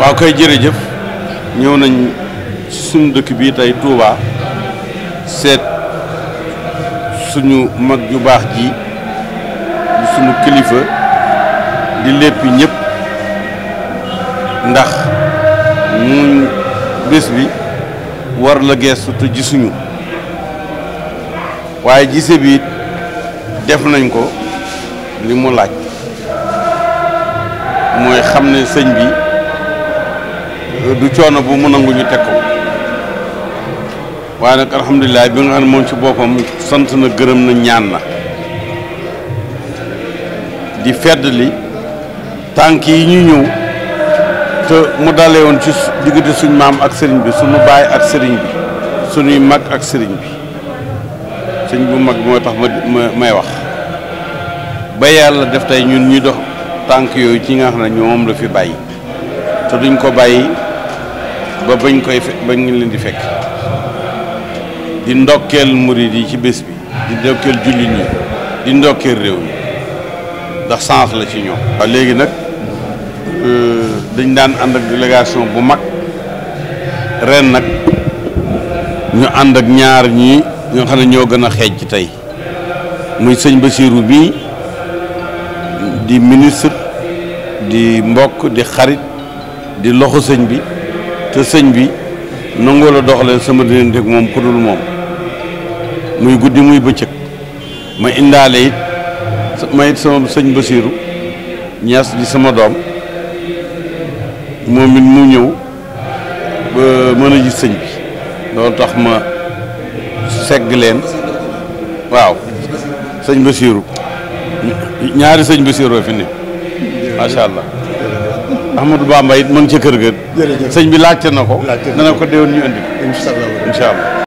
waa koy jërëjëf ñëw nañ suñu dëkk bii tey Touba seet suñu mag ju baax ji suñu kilifa di lépp ñëpp ndax mu bés bi war la geestu te gisuñu waaye gise bi def nañ ko li mu laaj mooy xam ne sëñ bi du coono bu mu nangu ñu teg ko waaye nag alhamdulilah bi nga xam ne moom ci boppam sant na gërëm na ñaan na di fedd li tànk yi ñu ñëw te mu dalee woon ci diggante suñ maam ak sëriñ bi suñu baay ak sëriñ bi suñuy mag ak sëriñ bi sëñ bu mag bi moo tax ma may wax ba yàlla def tey ñun ñuy dox tànk yooyu ci nga xam ne ñoom la fi bàyyi te duñ ko bàyyi ba bañ koy bañ ñu leen di fekk di ndokkeel murid yi ci bés bi di ndokkeel jullit ñi di ndokkeel réew mi ndax sens la ci ñoom. waaw léegi nag euh, dañ daan ànd ak délégation bu mag ren nag ñu ànd ak ñaar ñii ñoo xam ne ñoo gën a xeej ci tey muy sëñ Bassirou bii di ministre di mbokk di xarit di loxo sëñ bi. te sëñ bi nangoo la doxalee sama diggante ak moom ku moom muy guddi muy bëccëg ma indaale it ma it sama sëñ Basiiru ñaas di sama doom moom it mu ñëw ba mën gis sëñ bi loolu tax ma segg leen waaw sëñ Basiiru ñaari sëñ Basiiroo fi ne macha allah. Ahmadou Bamba it mu ngi ca kër ga. jërëjëf sëñ bi laajte na ko. laajte na ko dana ko déwén ñu indi. incha allah incha allah.